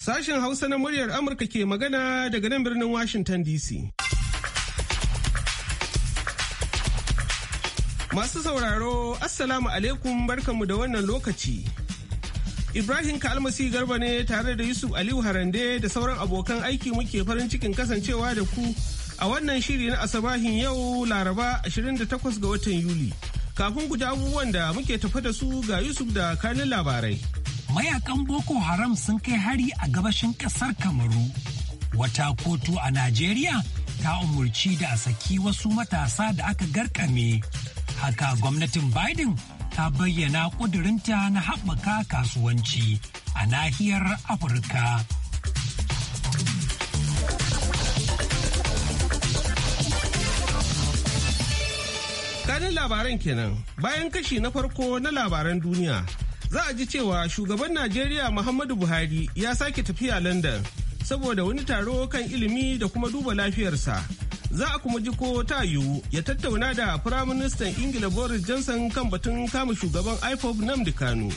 Sashen Hausa na muryar Amurka ke magana daga nan birnin Washington DC. Masu sauraro, Assalamu alaikum barkanmu da wannan lokaci. Ibrahim Kalmasi Garba ne tare da Yusuf Aliyu Harande da sauran abokan aiki muke farin cikin kasancewa da ku a wannan shiri na asabahin yau laraba 28 ga watan yuli kafin guda abubuwan da muke tafa da su ga yusuf da kanin labarai mayakan boko haram sun kai hari a gabashin kasar kamaru wata kotu a najeriya ta umurci da a saki wasu matasa da aka garkame haka gwamnatin biden ta bayyana ƙudurinta na haɓaka kasuwanci a nahiyar afirka Kanin labaran kenan bayan kashi na farko na labaran duniya za a ji cewa shugaban Najeriya Muhammadu Buhari ya sake tafiya London saboda wani taro kan ilimi da kuma duba lafiyarsa. Za a kuma ji ko ta yiwu ya tattauna da Firaministan Ingila Boris Johnson kan batun kama shugaban IFOB Namdi Kano.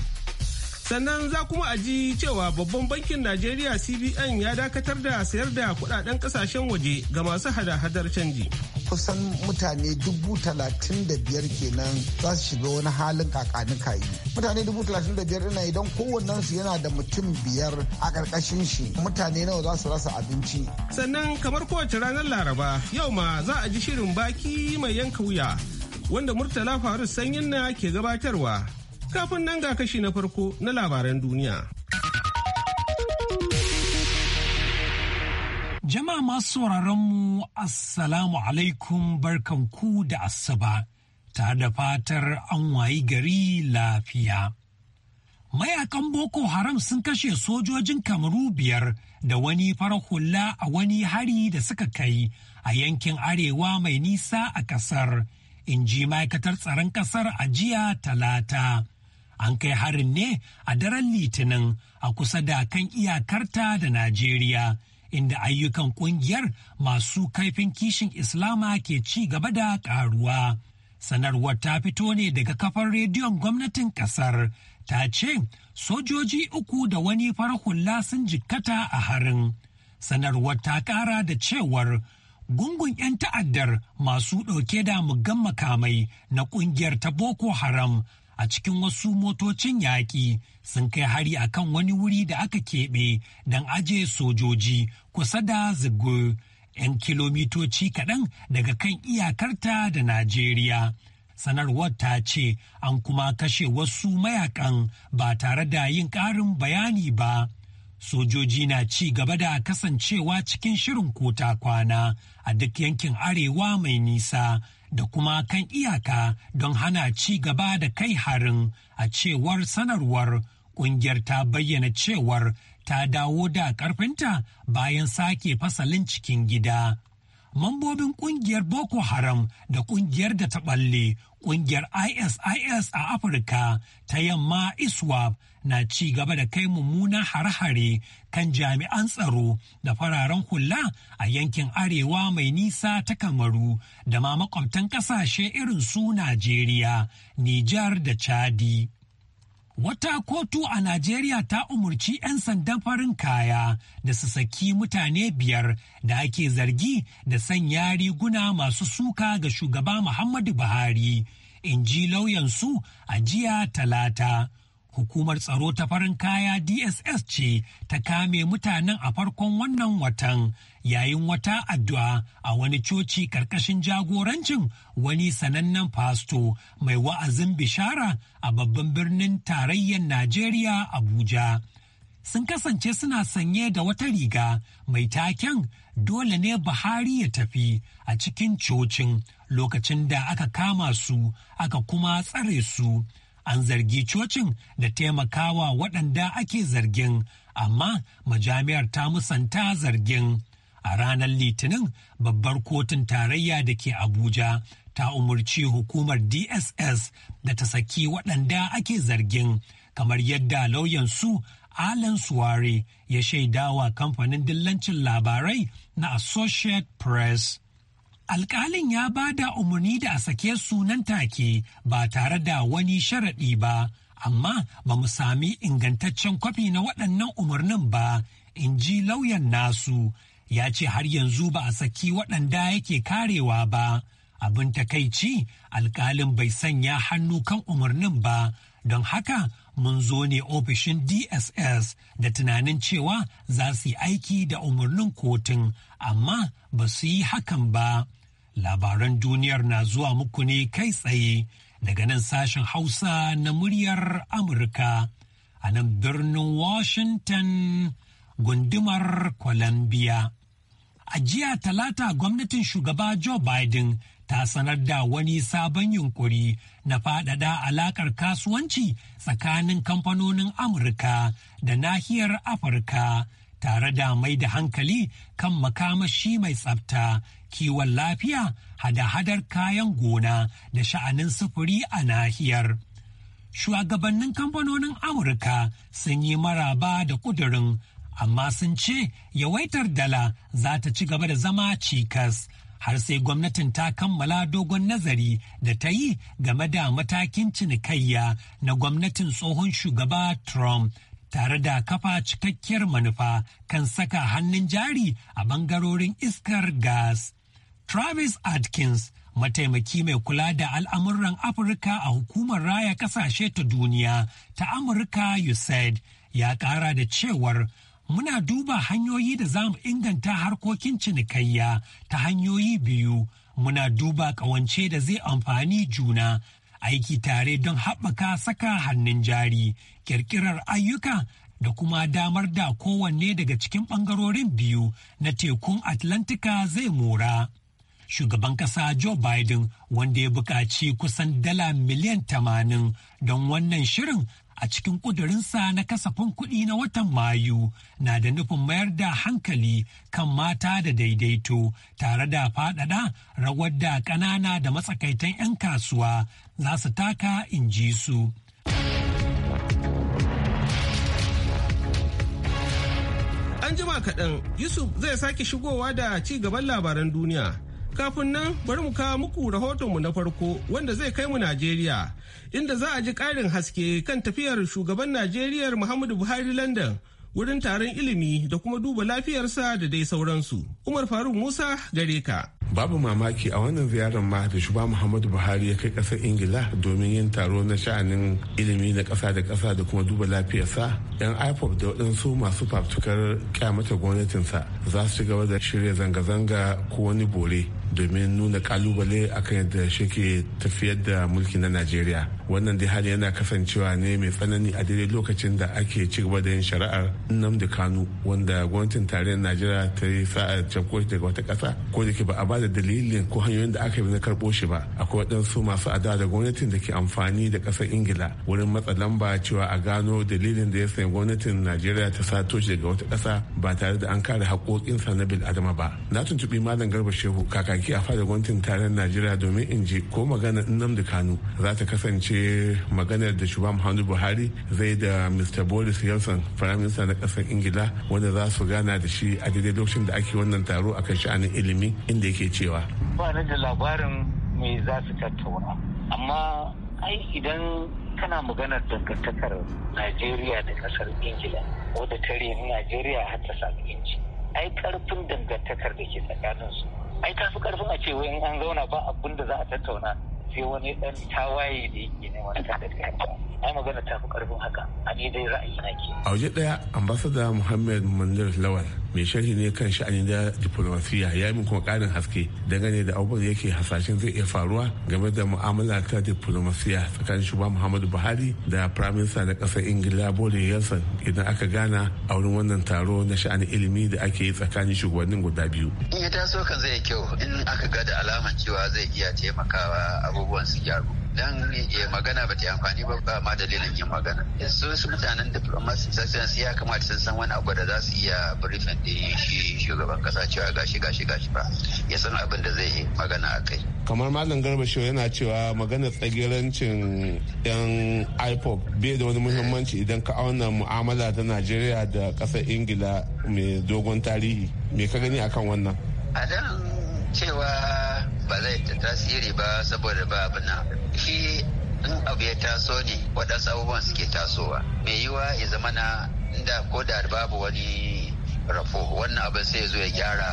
Sannan za kuma a ji cewa babban bankin Najeriya CBN ya dakatar da sayar da kudaden kasashen waje ga masu hada-hadar canji. kusan mutane dubu talatin da biyar kenan za su shiga wani halin kakanin kayi mutane dubu talatin da biyar ina idan kowannen su yana da mutum biyar a karkashin shi mutane nawa za su rasa abinci sannan kamar kowace ranar laraba yau ma za a ji shirin baki mai yanka wuya wanda murtala faru sanyin na ke gabatarwa kafin nan ga kashi na farko na labaran duniya Jama'a masu sauraronmu Assalamu alaikum ku da asuba ta da fatar an wayi gari lafiya. Mayakan Boko Haram sun kashe sojojin kamaru biyar da wani farar hula a wani hari da suka kai a yankin arewa mai nisa a kasar, in ji ma'aikatar tsaron kasar a jiya talata. An kai harin ne a daren litinin a kusa da kan iyakarta da Najeriya. inda ayyukan kungiyar masu kaifin kishin Islama ke ci gaba da karuwa. Sanarwar ta fito ne daga kafar rediyon gwamnatin kasar ta ce sojoji uku da wani farahulla hula sun jikkata a harin. Sanarwar ta kara da cewar gungun 'yan ta'addar masu ɗauke da mugan makamai na ƙungiyar ta Boko Haram a cikin wasu motocin yaƙi sun kai hari a kan wani wuri da aka keɓe don aje sojoji kusa da zigo 'yan kilomitoci kaɗan daga kan iyakarta da Najeriya. Sanarwar ta ce an kuma kashe wasu mayakan ba tare da yin ƙarin bayani ba. Sojoji na ci gaba da kasancewa cikin shirin kota kwana a duk yankin arewa mai nisa da kuma kan iyaka don hana ci gaba da kai harin a cewar sanarwar ƙungiyar ta bayyana cewar ta dawo da karfinta bayan sake fasalin cikin gida. Mambobin ƙungiyar Boko Haram da ƙungiyar da ta balle kungiyar ISIS a Afirka ta yamma ISWAP na ci gaba da kai mummunan hare-hare kan jami'an tsaro da fararen hula a yankin arewa mai nisa ta kamaru da ma makwabtan kasashe irin su Najeriya, Nijar da Chadi. Wata kotu a Najeriya ta umarci 'yan sandan farin kaya da su saki mutane biyar da ake zargi da sanya riguna masu suka ga shugaba Muhammadu Buhari, in ji lauyansu a jiya talata. Hukumar tsaro ta farin kaya DSS ce ta kame mutanen a farkon wannan watan yayin wata addu'a a wani coci karkashin jagorancin wani sanannen fasto mai wa'azin bishara a babban birnin tarayyar Najeriya Abuja. Sun kasance suna sanye da wata riga mai taken dole ne Buhari ya tafi a cikin cocin lokacin da aka kama su aka kuma tsare su an zargi cocin da taimakawa waɗanda ake zargin amma majami'ar ta musanta zargin a ranar litinin babbar kotun tarayya da ke abuja ta umarci hukumar dss da ta saki waɗanda ake zargin kamar yadda lauyansu alan Suwari ya shaidawa kamfanin dillancin labarai na associate press alkalin ya ba da umarni da a sake sunan take ba tare da wani sharaɗi ba amma ba mu sami ingantaccen kwafi na waɗannan umarnin ba in ji lauyan nasu ya ce har yanzu ba a saki waɗanda yake karewa ba abin takaici alkalin bai sanya hannu kan umarnin ba don haka mun zo ne ofishin dss da tunanin cewa za su yi aiki da umarnin kotun amma ba su yi hakan ba. labaran duniyar na zuwa muku ne kai tsaye daga nan sashen Hausa na muryar Amurka a nan birnin Washington gundumar Columbia. A jiya talata gwamnatin shugaba Joe Biden ta sanar da wani sabon yunkuri na faɗaɗa alaƙar kasuwanci tsakanin kamfanonin Amurka da nahiyar Afirka tare da mai da hankali kan makamashi mai tsafta kiwon lafiya hada-hadar kayan gona da sha'anin sufuri a nahiyar. Shugabannin kamfanonin Amurka sun yi maraba da kudurin, amma sun ce yawaitar dala za ta ci gaba da zama cikas. Har sai gwamnatin ta kammala dogon nazari da ta yi game da matakin cinikayya na gwamnatin tsohon shugaba Trump tare da kafa cikakkiyar manufa kan saka hannun jari a bangarorin iskar gas. Travis Atkins, mataimaki mai kula da al'amuran Afirka a hukumar raya ƙasashe ta duniya ta Amurka USAID ya ƙara da cewar muna duba hanyoyi da za mu inganta harkokin cinikayya ta hanyoyi biyu muna duba ƙawance da zai amfani juna aiki tare don haɓaka saka hannun jari ƙirƙirar ayyuka da kuma damar da kowanne daga cikin ɓangarorin biyu na tekun atlantika zai mora shugaban kasa Joe Biden wanda ya buƙaci kusan dala miliyan tamanin don wannan shirin a cikin ƙudurinsa na kasafin kuɗi na watan Mayu na da nufin mayar da hankali kan mata da daidaito tare da faɗaɗa rawar da ƙanana da matsakaitan 'yan kasuwa za su taka in ji su. An jima kaɗan, Yusuf zai sake shigowa da ci gaban labaran duniya. Kafin nan bari mu kawo muku rahoton mu na farko wanda zai kai mu Najeriya inda za a ji ƙarin haske kan tafiyar shugaban Najeriya Muhammadu Buhari London wurin taron ilimi da kuma duba lafiyarsa da dai sauransu. Umar Faruk Musa gare ka. Babu mamaki a wannan ziyarar ma da shugaba Muhammadu Buhari ya kai ƙasar Ingila domin yin taro na sha'anin ilimi na ƙasa da ƙasa da kuma duba lafiyarsa. 'Yan IPOP da waɗansu masu fafutukar kyamata gwamnatinsa za su ci gaba da shirya zanga-zanga ko wani bore domin nuna kalubale akan yadda shi ke tafiyar da mulki na najeriya wannan dai hali yana kasancewa ne mai tsanani a daidai lokacin da ake ci gaba da yin shari'ar nnamdi kanu wanda gwamnatin tarayyar najeriya ta yi sa'a cafko daga wata ƙasa ko da ke ba a ba da dalilin ko hanyoyin da aka yi na karbo shi ba akwai waɗansu masu adawa da gwamnatin da ke amfani da ƙasar ingila wurin matsa lamba cewa a gano dalilin da ya sanya gwamnatin najeriya ta sato shi daga wata ƙasa ba tare da an kare haƙoƙinsa na bil adama ba na tuntuɓi malam garba shehu kakaki a fadar gwamnatin tarayyar najeriya domin in ji ko magana nnamdi kanu za ta kasance maganar da shugaban muhammadu buhari zai da mr boris yeltsin firaminista na kasar ingila wanda za su gana da shi a daidai lokacin da ake wannan taro a kan sha'anin ilimi inda yake cewa ba da labarin me za su tattauna amma ai idan kana maganar dangantakar najeriya da kasar ingila wadda ta reni najeriya har ta sami yanci ai karfin dangantakar da ke tsakaninsu ai ta fi karfin a ce in an zauna ba abin da za a tattauna sai wani dan tawaye da yake neman ta ai magana ta fi karfin haka a ni dai ra'ayi na ke a waje daya ambassador muhammad mandir lawal mai sharhi ne kan sha'anin da diplomasiya ya yi kuma karin haske dangane da abubuwan yake hasashen zai iya faruwa game da mu'amala ta diplomasiya tsakanin shugaban muhammadu buhari da prime minister na kasar ingila bole yelson idan aka gana a wurin wannan taro na sha'anin ilimi da ake yi tsakanin shugabannin guda biyu in ya taso kan zai kyau in aka ga da alaman cewa zai iya taimakawa abu abubuwan su gyaru dan ya eh, magana ba ta amfani ba ba ma dalilin yin magana yanzu su mutanen diplomacy sassan ya kamata sun san wani abu da za su iya briefing din shi shugaban kasa cewa gashi gashi gashi ba ya san abin da zai yi magana a kai kamar malam garba shi yana cewa magana tsagirancin yan ipop bai da wani muhimmanci eh. idan ka auna mu'amala ta najeriya da kasar ingila mai dogon tarihi me ka gani akan wannan a cewa ba zai tasiri ba saboda ba na shi in abu ya taso ne waɗansu abubuwan suke tasowa mai yiwa ya zama na inda ko da babu wani rafo wannan abin sai ya zo ya gyara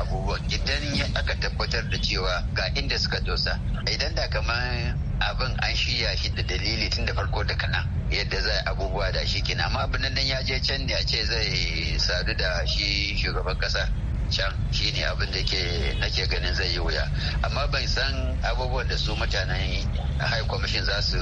abubuwan idan aka tabbatar da cewa ga inda suka dosa idan da kamar abin an shirya shi da dalili tun da farko da kana yadda zai abubuwa da shi kina amma abin nan ya je can ne a ce zai sadu da shi shugaban kasa can shine abin da ke nake ganin zai yi wuya amma ban san abubuwan da su mutanen high commission za su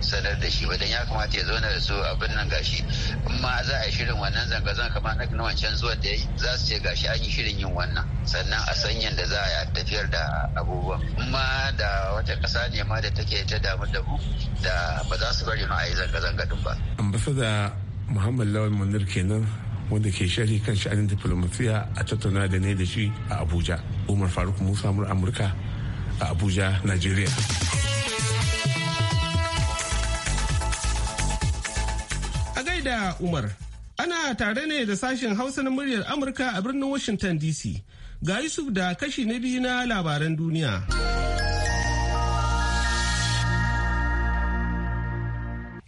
sanar da shi wadanda ya kamata ya zauna da su abin nan gashi in za a yi shirin wannan zanga-zanga kamar na wancan zuwan da za su ce gashi an yi shirin yin wannan sannan a san yadda za a tafiyar da abubuwan in da wata ƙasa ne ma da take ta damu da mu da ba za su bari mu a yi zanga-zanga din ba. ambasada muhammad lawan munir kenan wanda ke shari kan sha'anin diplomasiya a tattauna da ne da shi a abuja umar faruk musa mur amurka a abuja nigeria a gaida umar ana tare ne da sashen hausa na muryar amurka a birnin washington dc ga Yusuf da kashi na biyu na labaran duniya.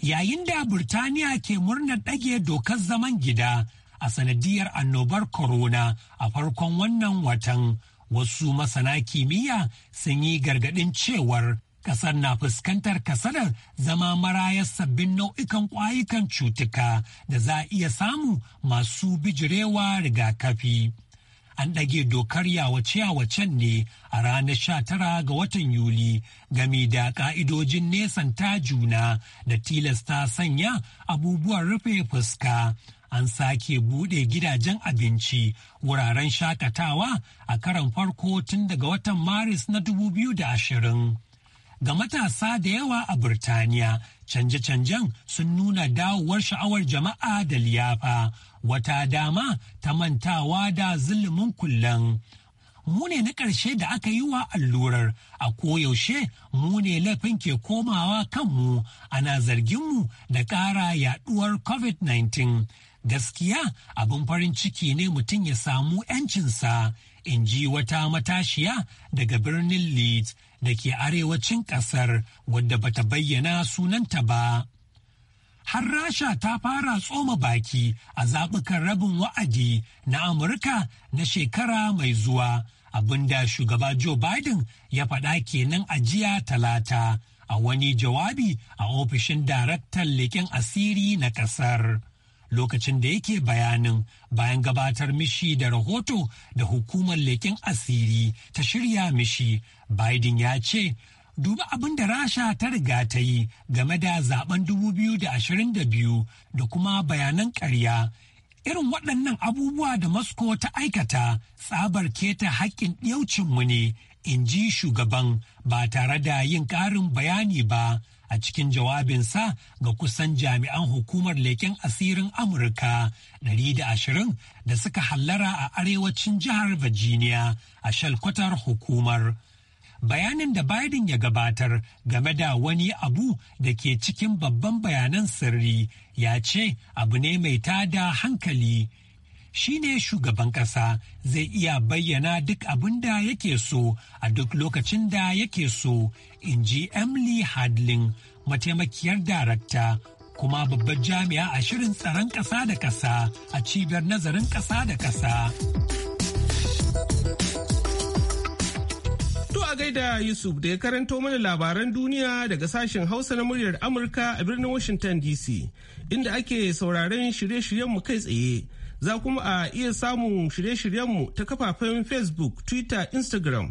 Yayin da Burtaniya ke murnar ɗage dokar zaman gida a sanadiyar annobar corona a farkon wannan watan wasu masana kimiyya sun yi gargaɗin cewar kasar na fuskantar kasadar zama marayar sabbin nau'ikan ƙwayukan cutuka da za a iya samu masu bijirewa rigakafi. An ɗage dokar yawace-yawacen ne a ranar 19 ga watan Yuli gami da ƙa'idojin nesan ta juna da tilasta sanya abubuwan rufe fuska an sake bude gidajen abinci wuraren shakatawa a karan farko tun daga watan maris na 2020 ga matasa da yawa a Birtaniya, canje-canjen sun nuna dawowar sha'awar jama'a da liyafa, wata dama ta mantawa da zulumin kullum. Mune na ƙarshe da aka yi wa allurar, a koyaushe mune ne laifin ke komawa kanmu ana zarginmu da ƙara yaɗuwar COVID-19. gaskiya abin farin ciki ne mutum ya samu 'yancinsa in ji wata matashiya daga birnin leeds da ke arewacin kasar wadda bata bayyana sunanta ba har rasha ta fara tsoma baki a zaɓukan rabin wa'adi na amurka na shekara mai zuwa abin da shugaba joe biden ya faɗa kenan a jiya talata a wani jawabi a ofishin daraktan leƙen asiri na ƙasar. lokacin da yake bayanin bayan gabatar mishi da rahoto da hukumar leƙen asiri ta shirya mishi biden ya ce "Duba abin da rasha ta riga ta yi game da zaben 2022 da kuma bayanan ƙarya irin waɗannan abubuwa da moscow ta aikata tsabar keta haƙƙin mu ne in ji shugaban ba tare da yin ƙarin bayani ba a cikin jawabinsa ga kusan jami'an hukumar leken asirin Amurka 120 da suka hallara a arewacin jihar Virginia a shalkwatar hukumar. Bayanin da Biden ya gabatar game da wani abu da ke cikin babban bayanan sirri ya ce abu ne mai tada hankali. shine shugaban ƙasa zai iya bayyana duk abin da yake so a duk lokacin da yake so in ji emily hadlin mataimakiyar darakta kuma babbar jami'a a shirin tsaron ƙasa da ƙasa a cibiyar nazarin ƙasa da ƙasa. To a gaida Yusuf da ya karanto mana labaran duniya daga sashen Hausa na muryar Amurka a birnin Washington DC inda ake sauraron shirye shiryen mu kai tsaye. za kuma a iya samun shirye-shiryenmu ta kafafen facebook twitter instagram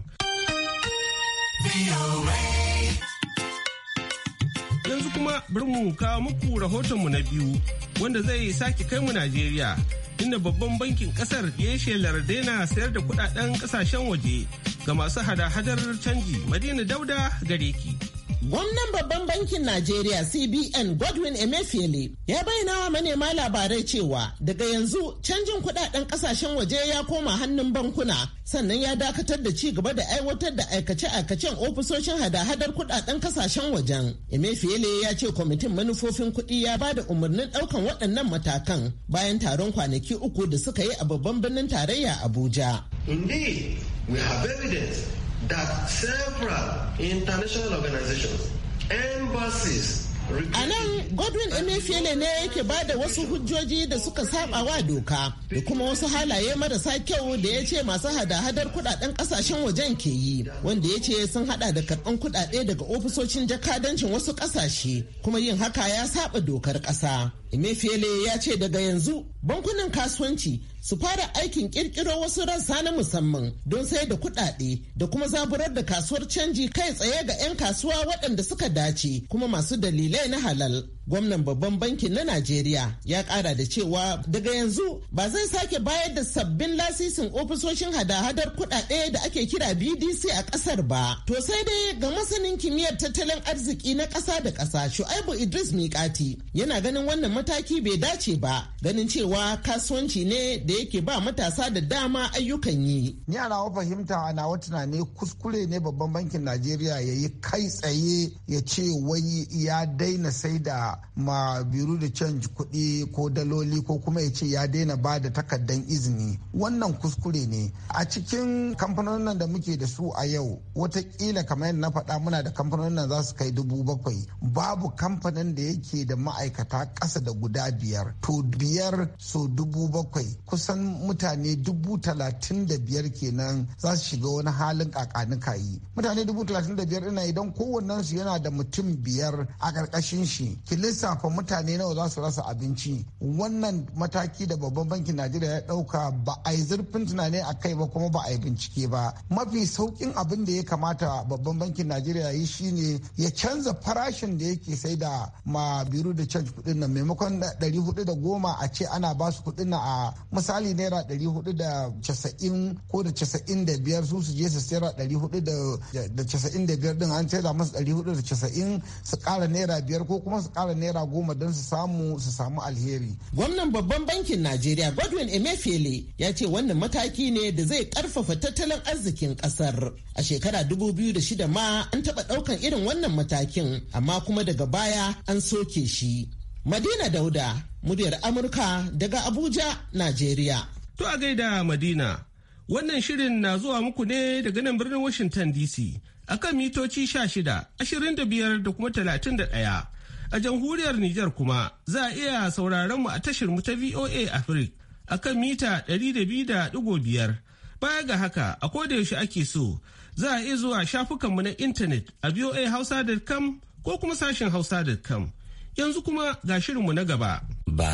yanzu kuma bari mu kawo muku rahotonmu na biyu wanda zai sake kai mu najeriya inda babban bankin kasar ya shelar daina sayar da kudaden kasashen waje ga masu hada-hadar canji madina dauda gare ki. Gwamnan babban bankin Najeriya CBN Godwin Emefiele ya bayyana wa manema labarai cewa daga yanzu canjin kudaden kasashen waje ya koma hannun bankuna sannan ya dakatar da ci gaba da aiwatar da aikace-aikacen ofisoshin hada-hadar kudaden kasashen wajen. Emefiele ya ce kwamitin manufofin kuɗi ya ba da umarnin ɗaukan waɗannan matakan bayan taron kwanaki uku da suka yi a babban birnin tarayya Abuja. Indeed, we have evidence that several international organizations, embassies, A nan Godwin Emefiele ne yake ba da wasu hujjoji da suka saba wa doka da kuma wasu halaye marasa kyau da ya ce masu hada-hadar kudaden kasashen wajen ke yi wanda ya ce sun hada da karban kudade daga ofisoshin jakadancin wasu kasashe kuma yin haka ya saba dokar ƙasa. Emefiele ya ce daga yanzu bankunan kasuwanci su fara aikin kirkiro wasu rassa na musamman don sai da kuɗaɗe da kuma zaburar da kasuwar canji kai tsaye ga 'yan kasuwa waɗanda suka dace kuma masu dalilai na halal. gwamnan babban bankin na najeriya ya kara da cewa daga yanzu ba zai sake bayar da sabbin lasisin ofisoshin hada-hadar kudade da ake kira bdc a kasar ba to sai dai ga masanin kimiyyar tattalin arziki na kasa da kasa shu'aibu idris mikati yana ganin wannan mataki bai dace ba ganin cewa kasuwanci ne da yake ba matasa da dama ayyukan yi ni a nawa fahimta a nawa tunani kuskure ne babban bankin najeriya ya yi kai tsaye ya ce wai ya daina sai da ma biro da canji kuɗi ko daloli ko kuma ya ce ya daina ba da takardar izini wannan kuskure ne a cikin kamfanonin da muke da su a yau watakila kamar yadda na faɗa muna da kamfanonin za su kai dubu bakwai babu kamfanin da yake da ma'aikata ƙasa da guda biyar to biyar so dubu bakwai kusan mutane dubu talatin da biyar kenan za su shiga wani halin kakanuka yi mutane dubu talatin da biyar ina idan kowannensu yana da mutum biyar a ƙarƙashin shi lissafa mutane nawa za su rasa abinci wannan mataki da babban bankin najeriya ya dauka ba a yi zurfin tunani a kai ba kuma ba a yi bincike ba mafi saukin abin da ya kamata babban bankin najeriya yi shine ya canza farashin da yake sai da ma biro da canji kudin nan maimakon ɗari hudu da goma a ce ana ba su kudin nan a misali naira ɗari hudu da casa'in ko da casa'in da biyar su su je su sayar ɗari hudu da casa'in da biyar din an sai da masu ɗari hudu da casa'in su ƙara naira biyar ko kuma su ƙara naira goma don su samu su samu alheri. Gwamnan babban bankin Najeriya Godwin Emefiele ya ce wannan mataki ne da zai karfafa tattalin arzikin ƙasar. A shekara 2006 ma an taɓa ɗaukan irin wannan matakin amma kuma daga baya an soke shi. Madina Dauda, muryar Amurka daga Abuja, Najeriya. To a gaida Madina, wannan shirin na zuwa muku ne daga nan birnin Washington DC. akan mitoci sha shida, 25 da biyar, da kuma da ɗaya. A jamhuriyar Nijar kuma za a iya sauraron mu a tashar mu ta VOA Africa a kan mita 200.5. Baya ga haka a koda yaushe ake so za a iya zuwa shafukanmu na intanet a voahausa.com ko kuma sashen hausa.com. Yanzu kuma ga shirinmu na gaba. Baki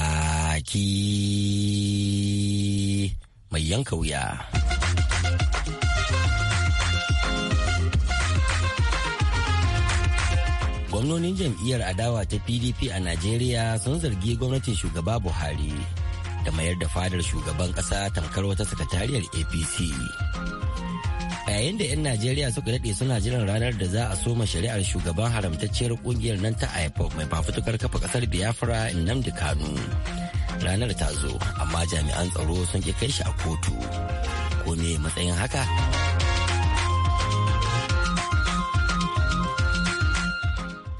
mai yanka wuya. gwamnonin jam'iyyar adawa ta pdp a najeriya sun zargi gwamnatin shugaba buhari da mayar da fadar shugaban kasa tamkar wata sakatariyar apc a yayin da 'yan najeriya suka daɗe suna jiran ranar da za a soma shari'ar shugaban haramtacciyar kungiyar nan ta ipop mai fafutukar kafa kasar biafra nnamdi kanu ranar ta zo amma jami'an tsaro sun ƙi kai shi a kotu ko me matsayin haka?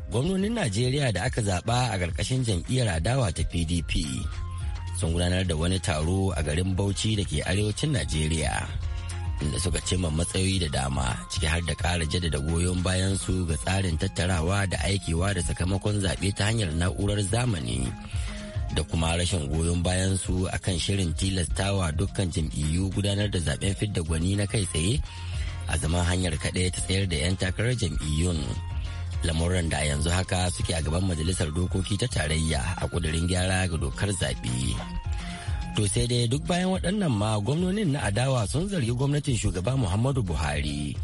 gwamnonin najeriya da aka zaɓa a ƙarƙashin jam'iyyar adawa ta pdp sun gudanar da wani taro a garin bauchi da ke arewacin najeriya inda suka cimma matsayoyi da dama ciki har da ƙara jaddada goyon bayan su ga tsarin tattarawa da aikewa da sakamakon zaɓe ta hanyar na'urar zamani da kuma rashin goyon bayan su akan shirin tilastawa dukkan jam'iyyu gudanar da zaben fidda gwani na kai tsaye a zaman hanyar kaɗai ta tsayar da 'yan takarar jam'iyyun. lamuran da yanzu haka suke a gaban majalisar dokoki ta tarayya a kudurin gyara ga dokar zaɓe. To sai dai duk bayan waɗannan ma gwamnonin na adawa sun zargi gwamnatin shugaba Muhammadu Buhari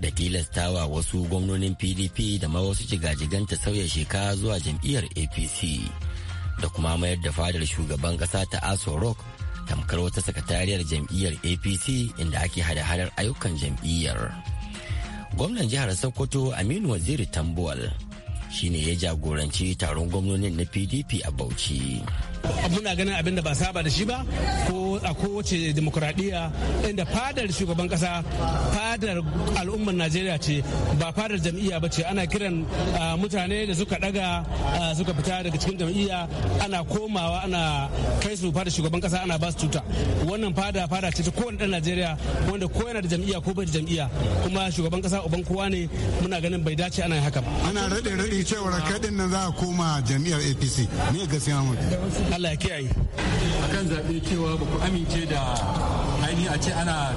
da tilastawa wasu gwamnonin PDP da ma wasu ta sauya shekara zuwa jam'iyyar APC da kuma mayar da fadar shugaban ƙasa ta Aso Rock tamkar wata sakatariyar jam'iyyar APC inda ake hada-hadar ayyukan jam'iyyar. gwamnan jihar sokoto aminu waziri tambuwal shine ya jagoranci taron gwamnonin na pdp a bauchi muna ganin abin da ba saba da shi ba ko a kowace demokuraɗiyya inda fadar shugaban kasa fadar al'ummar najeriya ce ba fadar jam'iyya ba ce ana kiran mutane da suka daga suka fita daga cikin jam'iyya ana komawa ana kai su fadar shugaban kasa ana ba su tuta wannan fada fada ce ta kowane ɗan najeriya wanda ko yana da jam'iyya ko bai da jam'iyya kuma shugaban kasa uban kowa ne muna ganin bai dace ana haka ba ana raɗe raɗe cewa kadin nan za a koma jam'iyyar apc ne gaskiya mutum Allah ya kiyaye kan zaɓe cewa ba ku amince da ainihi a ce ana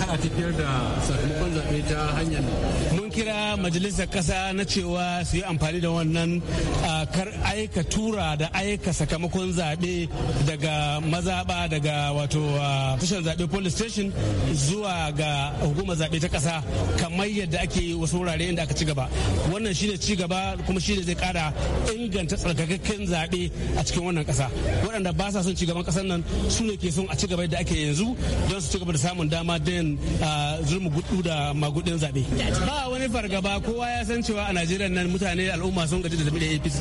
kana tafiyar da sakamakon zaɓe ta hanyar mun kira majalisar kasa na cewa su yi amfani da wannan kar aika tura da aika sakamakon zaɓe daga mazaɓa daga wato tushen zaɓe police station zuwa ga hukumar zaɓe ta kasa kamar yadda ake yi wasu wurare inda aka ci gaba wannan shine ci gaba kuma shine zai ƙara inganta tsarkakakken zaɓe a cikin wannan kasa waɗanda ba sa son ci gaban ƙasar nan su ne ke son a ci gaba yadda ake yanzu don su ci gaba da samun dama don zurmi gudu da magudin zaɓe ba wani fargaba kowa ya san cewa a Najeriya nan mutane al'umma sun gaji da zabi da APC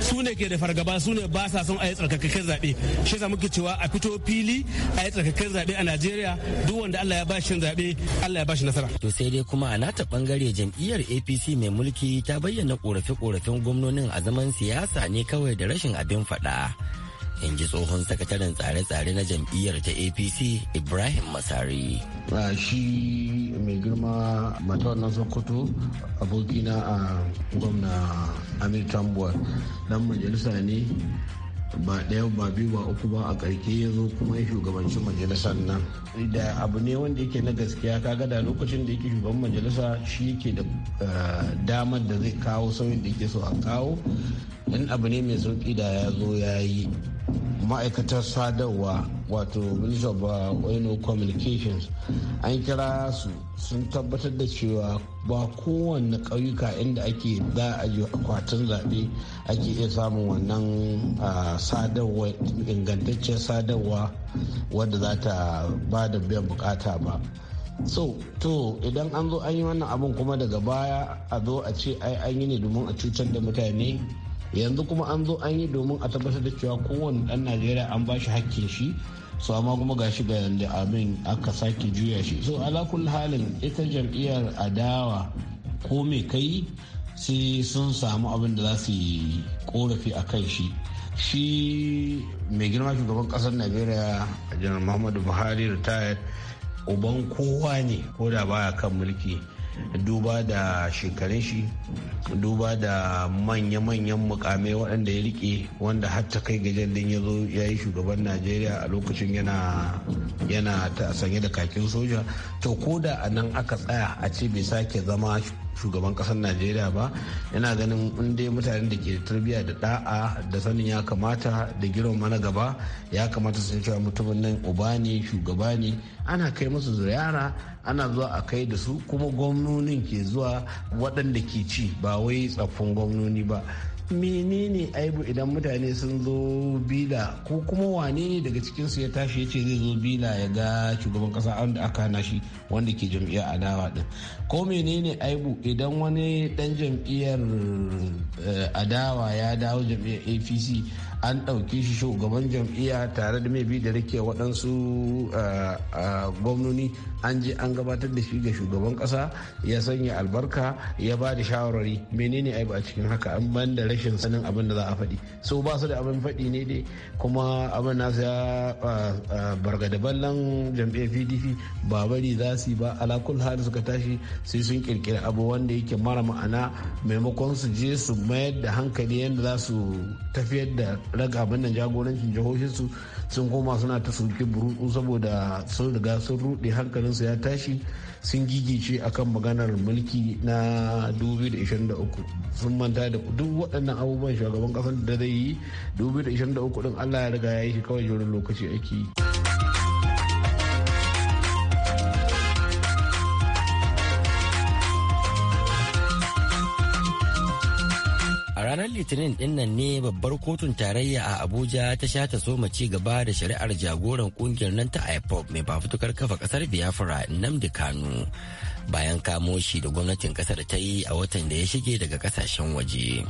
su ne ke da fargaba su ne ba sa son a yi tsarkakakken zaɓe shi yasa muke cewa a fito fili a yi tsarkakakken zaɓe a Najeriya duk wanda Allah ya ba shi zaɓe Allah ya ba shi nasara. To sai dai kuma a nata bangare jam'iyyar APC mai mulki ta bayyana korafe-korafen gwamnonin a zaman siyasa ne kawai da rashin abin faɗa. in ji tsohon sakataren tsare-tsare na jam'iyyar ta apc ibrahim masari shi mai girma matawar na sokoto abokina a gwamna amir tambuwar dan majalisa ne ba ɗaya ba biyu ba uku ba a ƙarke ya zo kuma ya shugabancin majalisar nan da abu ne wanda yake na gaskiya kaga da lokacin da yake shugaban majalisa shi yake da eh, damar da zai kawo sauyin da yake so a kawo in abu ne mai sauƙi da ya zo ya yi ma'aikatar sadarwa wato minister of uh, oino communications an kira su sun tabbatar da cewa ba kowanne ƙauyuka inda ake za a yi akwatin zaɓe ake iya samun wannan uh, sadarwa ingantacciyar sadarwa wadda za ta ba da biyan bukata ba so to idan an zo an yi wannan abin kuma daga baya a zo a ce ai an yi ne domin a cutar da mutane yanzu kuma an zo an yi domin a tabbatar da cewa kowane dan najeriya an ba shi hakkin shi su amma kuma ga shi ga da abin aka sake juya shi so alakul halin ita jam'iyyar adawa ko me kai sai sun samu abin da za su yi korafi a kan shi shi mai girma shugaban kasar najeriya janar muhammadu buhari retired uban kowa ne ko da baya kan mulki duba da shekarun shi duba da manya-manyan mukamai waɗanda ya rike wanda har ta kai gajen din ya zo ya yi shugaban najeriya a lokacin yana yana ta sanye da kakin soja to ko da a nan aka tsaya a ce bai sake zama shugaban kasar najeriya ba yana ganin in dai mutanen da ke tarbiyya da da'a da sanin ya kamata da girma mana gaba ya kamata sun cewa mutumin nan uba ne shugaba ne ana kai musu ziyara ana zuwa a kai da su kuma gwamnonin ke zuwa waɗanda ke ci ba wai tsaffin gwamnoni ba menene aibu idan mutane sun zo bila ko kuma wane ne daga cikinsu ya tashi ya ce zai zo bila ya ga shugaban kasa da aka hana shi wanda ke jam'iyyar adawa din ko menene aibu idan wani dan jam'iyyar eh, adawa ya dawo jam'iyyar apc an ɗauki shi shugaban jam'iyya tare da mai bi da rike waɗansu uh, uh, gwamnoni an je an gabatar da shi ga shugaban ƙasa ya sanya albarka ya ba da shawarwari menene ai ba a cikin haka an ban da rashin sanin abin da za a faɗi so ba su da abin faɗi ne dai kuma abin nasu uh, ya bargada ballan jam'iyyar pdp ba bari za su ba alakul hali suka tashi sai sun kirkiri abu wanda yake mara ma'ana maimakon su je su mayar da hankali yadda za su tafiyar da raga abin da jagorancin jihohinsu sun koma suna ta sauke burutsu saboda sun riga sun rude hankalinsu ya tashi sun gigice akan maganar mulki na 2023 sun manta da duk waɗannan abubuwan shugaban ƙasar da zai yi 2023 din allah ya riga ya yi shi kawai jirin lokaci ake yi. ranar litinin dinnan ne babbar kotun tarayya a abuja ta sha ta soma ci gaba da shari'ar jagoran kungiyar nan ta ipob mai fafutukar kafa kasar biafra namdi kanu bayan kamo shi da gwamnatin kasar ta yi a watan da ya shige daga kasashen waje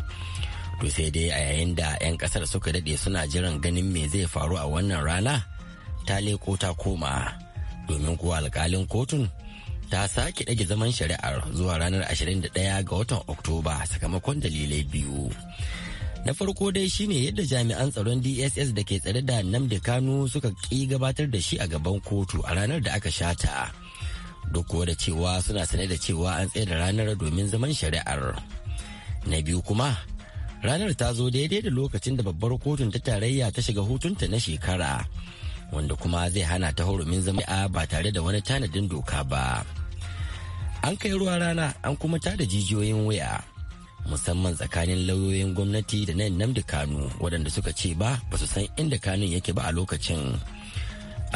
to sai dai a yayin da 'yan kasar suka dade suna jiran ganin me zai faru a wannan rana ta leko ta koma domin kuwa alkalin kotun ta sake ɗage zaman shari'ar zuwa ranar 21 ga watan oktoba sakamakon dalilai biyu na farko dai shine yadda jami'an tsaron dss da ke tsare da da kanu suka ƙi gabatar da shi a gaban kotu a ranar da aka shata duk da cewa suna sane da cewa an tsaye da ranar domin zaman shari'ar na biyu kuma ranar ta zo daidai da lokacin da babbar kotun ta tarayya ta shiga hutunta na shekara wanda kuma zai hana ta hurumin zama a ba tare da wani tanadin doka ba an kai ruwa rana an kuma tada jijiyoyin waya musamman tsakanin lauyoyin gwamnati da nan namdi kanu waɗanda suka ce ba ba su san inda kanun yake ba a lokacin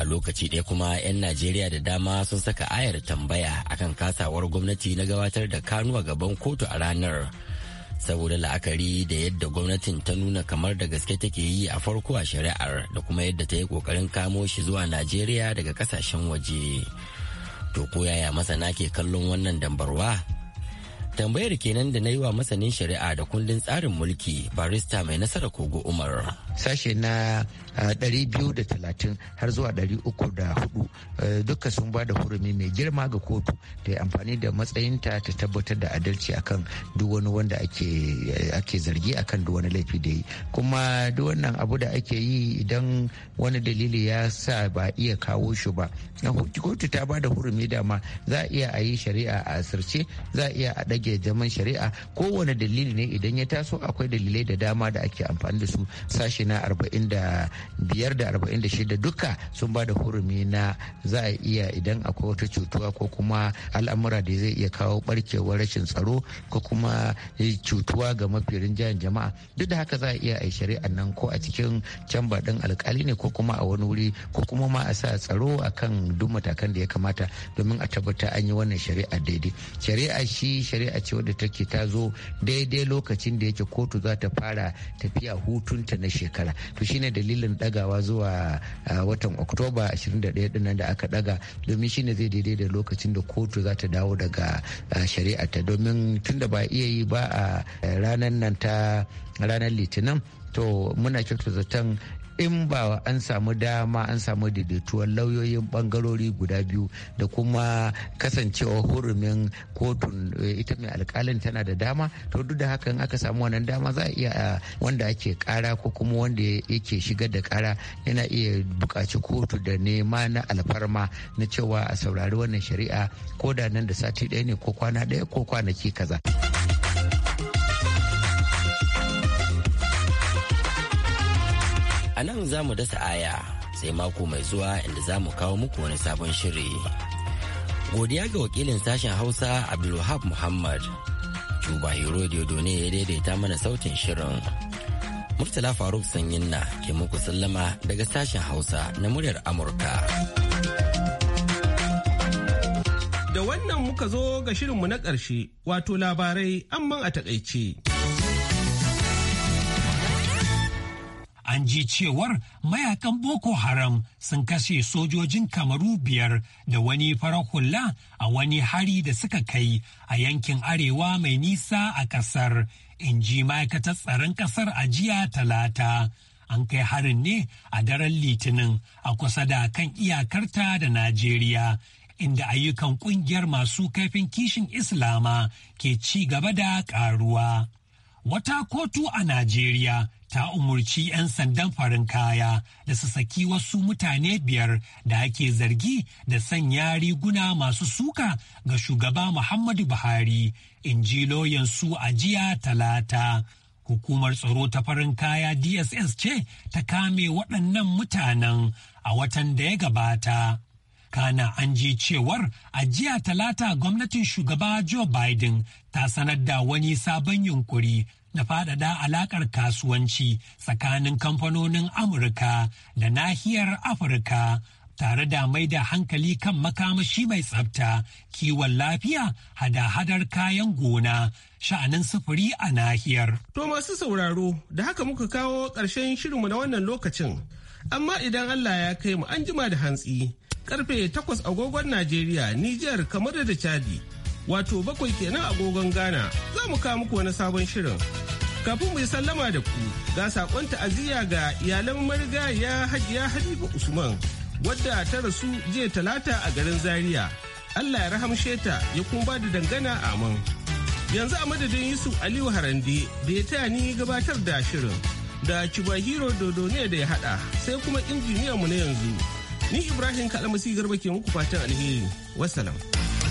a lokaci ɗaya kuma 'yan najeriya da dama sun saka ayar tambaya akan kasawar gwamnati na gabatar da kanu a gaban kotu a ranar saboda la'akari da yadda gwamnatin ta nuna kamar da gaske take yi a farko a shari'ar da kuma yadda ta yi kokarin kamo shi zuwa najeriya daga kasashen waje to ko yaya masana ke kallon wannan dambarwa tambayar kenan da na yi wa masanin shari'a da kundin tsarin mulki barista mai nasara kogo umar sashe na 230 ah, har zuwa 304 eh, duka sun ba da hurumi mai girma ga kotu ta yi amfani da matsayinta ta tabbatar da adalci akan duk wani wanda ake zargi akan duk wani laifi da yi kuma duk wannan abu da ake yi idan wani dalili ya sa ba iya kawo shi ba kotu ta ba da hurumi dama za a iya a yi shari'a a asirce za a iya a rage zaman shari'a kowane dalili ne idan ya taso akwai dalilai da dama da ake amfani da su sashi na 45 da 46 duka sun ba da hurumi na za a iya idan akwai wata cutuwa ko kuma al'amura da zai iya kawo barkewar rashin tsaro ko kuma cutuwa ga mafi rinjayen jama'a duk da haka za a iya a shari'a nan ko a cikin camba din alkali ne ko kuma a wani wuri ko kuma ma a sa tsaro akan duk matakan da ya kamata domin a tabbata an yi wannan shari'a daidai shari'a shi shari'a a ce wadda take ta zo daidai lokacin da yake kotu za ta fara tafiya hutunta na shekara to shine dalilin dagawa zuwa watan oktoba 21 dinnan da aka daga domin shine zai daidai da lokacin da kotu za ta dawo daga shari'a ta domin tunda ba iya yi ba a ranar nan ta ranar litinin to muna kyautata zaton in ba an samu dama an samu daidaituwar lauyoyin bangarori guda biyu da kuma kasancewa hurumin kotun eh, ita mai alkalin tana da dama to duk da hakan aka samu wannan dama za a iya wanda ake kara ko kuma wanda yake shigar da kara yana iya bukaci kotu da nema na alfarma na cewa a saurari wannan shari'a ko da nan da sati ɗaya ne ko kwana ɗaya ko kwanaki kaza. anan nan za mu dasa aya sai mako mai zuwa inda za mu kawo muku wani sabon shiri. Godiya ga wakilin sashen Hausa Abdulwahab Muhammad. Juba Hero ne ya daidaita mana sautin shirin. Murtala Faruk sanyin na ke muku sallama daga sashen Hausa na muryar Amurka. Da wannan muka zo ga shirinmu na ƙarshe, wato labarai amman a taƙaice. an ji cewar mayakan boko haram sun kashe sojojin kamaru biyar da wani farar hula a wani hari da suka kai a yankin arewa mai nisa a kasar in ji ma'aikatar tsaron kasar a jiya talata an kai harin ne a daren litinin a kusa da kan iyakarta da najeriya inda ayyukan kungiyar masu kaifin kishin islama ke ci gaba da karuwa wata kotu a najeriya ta umurci 'yan sandan farin kaya da su saki wasu mutane biyar da ake zargi da sanya riguna masu suka ga shugaba Muhammadu Buhari, in ji su a jiya talata. Hukumar tsaro ta farin kaya DSS ce ta kame waɗannan mutanen a watan da ya gabata. kana an ji cewar a jiya talata gwamnatin shugaba joe biden ta sanar da wani sabon yunkuri da faɗaɗa alaƙar kasuwanci tsakanin kamfanonin Amurka da nahiyar Afirka tare da mai da hankali kan makamashi mai tsafta, kiwon lafiya, hada-hadar kayan gona, sha'anin sufuri a nahiyar. To masu sauraro, da haka muka kawo ƙarshen shirinmu na wannan lokacin. Amma idan Allah ya kai mu an jima da hantsi, karfe takwas agogon Najeriya, Nijar, kamar da Chadi. wato bakwai kenan agogon Ghana za mu kawo muku wani sabon shirin. Kafin mu yi sallama da ku ga sakon ta'aziyya ga iyalan marigaya Hajiya Habiba Usman wadda ta rasu jiya talata a garin Zaria. Allah ya rahamshe ta ya kuma ba da dangana amin. Yanzu a madadin Yusuf Aliyu Harande da ya taya ni gabatar da shirin da Chibahiro Dodo ne da ya haɗa, sai kuma injiniyan mu na yanzu. Ni Ibrahim Kalamasi Garba ke muku fatan alheri. Wassalam.